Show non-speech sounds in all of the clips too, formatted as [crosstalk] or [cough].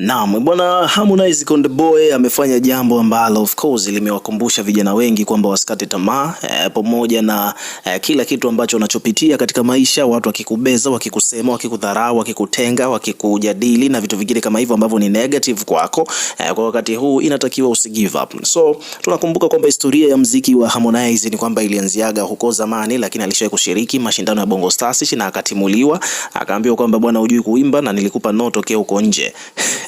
Naam, bwana Harmonize Konde Boy amefanya jambo ambalo of course limewakumbusha vijana wengi kwamba wasikate tamaa e, pamoja na e, kila kitu ambacho unachopitia katika maisha, watu wakikubeza, wakikusema, wakikudharau, wakikutenga, wakikujadili na vitu vingine kama hivyo ambavyo ni negative kwako, e, kwa wakati huu inatakiwa usi give up. So tunakumbuka kwamba historia ya mziki wa Harmonize ni kwamba ilianziaga huko zamani, lakini alishawahi kushiriki mashindano ya Bongo Stars na akatimuliwa, akaambiwa kwamba bwana, hujui kuimba na nilikupa noto, tokea huko nje [laughs]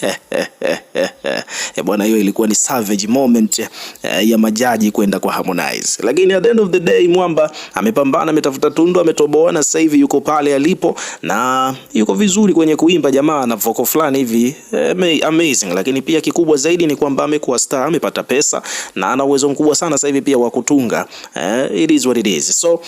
[laughs] E bwana, hiyo ilikuwa ni savage moment eh, ya majaji kwenda kwa Harmonize, lakini at the end of the day mwamba amepambana, ametafuta tundu, ametoboa na sasa hivi yuko pale alipo na yuko vizuri kwenye kuimba jamaa na vocal fulani hivi eh, amazing. Lakini pia kikubwa zaidi ni kwamba amekuwa star, amepata pesa na ana uwezo mkubwa sana sasa hivi pia wa kutunga it is what it is so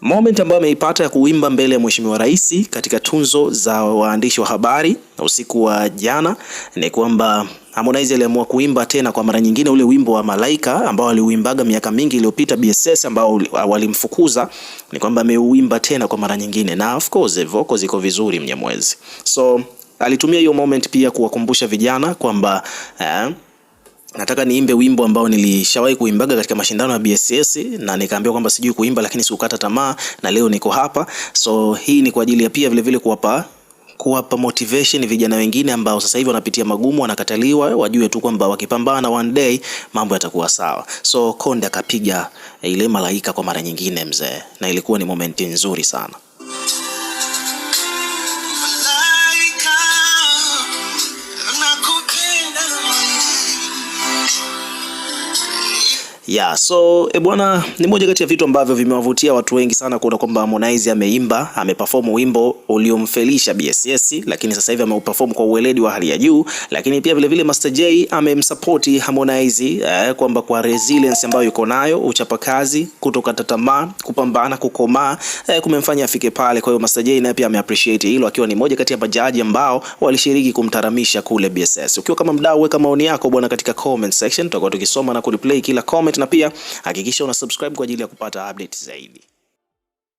moment ambayo ameipata ya kuimba mbele ya Mheshimiwa Rais katika tunzo za waandishi wa habari na usiku wa jana ni kwamba Harmonize aliamua kuimba tena kwa mara nyingine ule wimbo wa Malaika ambao aliuimbaga miaka mingi iliyopita BSS, ambao walimfukuza. Ni kwamba ameuimba tena kwa mara nyingine, na of course vocals ziko vizuri Mnyamwezi, so alitumia hiyo moment pia kuwakumbusha vijana kwamba eh, nataka niimbe wimbo ambao nilishawahi kuimbaga katika mashindano ya BSS na nikaambiwa kwamba sijui kuimba, lakini sikukata tamaa na leo niko hapa. So hii ni kwa ajili ya pia vilevile kuwapa kuwapa motivation vijana wengine ambao sasa hivi wanapitia magumu, wanakataliwa, wajue tu kwamba wakipambana one day mambo yatakuwa sawa. So Konde akapiga eh, ile malaika kwa mara nyingine mzee, na ilikuwa ni momenti nzuri sana. Yeah, so e bwana, ni moja kati ya vitu ambavyo vimewavutia watu wengi sana kuona kwamba Harmonize ameimba, ameperform wimbo uliomfelisha BSS, lakini sasa hivi ameuperform kwa uweledi wa hali ya juu, lakini pia vile vile Master J amemsupport Harmonize eh, kwamba kwa resilience ambayo yuko nayo, uchapakazi, kutokata tamaa, kupambana, kukomaa, eh, kumemfanya afike pale. Kwa hiyo Master J naye pia ameappreciate hilo, akiwa ni moja kati ya majaji ambao walishiriki kumtaramisha kule BSS. Ukiwa kama mdau, weka maoni yako bwana katika comment section, tutakuwa tukisoma na kureplay kila comment na pia hakikisha una subscribe kwa ajili ya kupata update zaidi.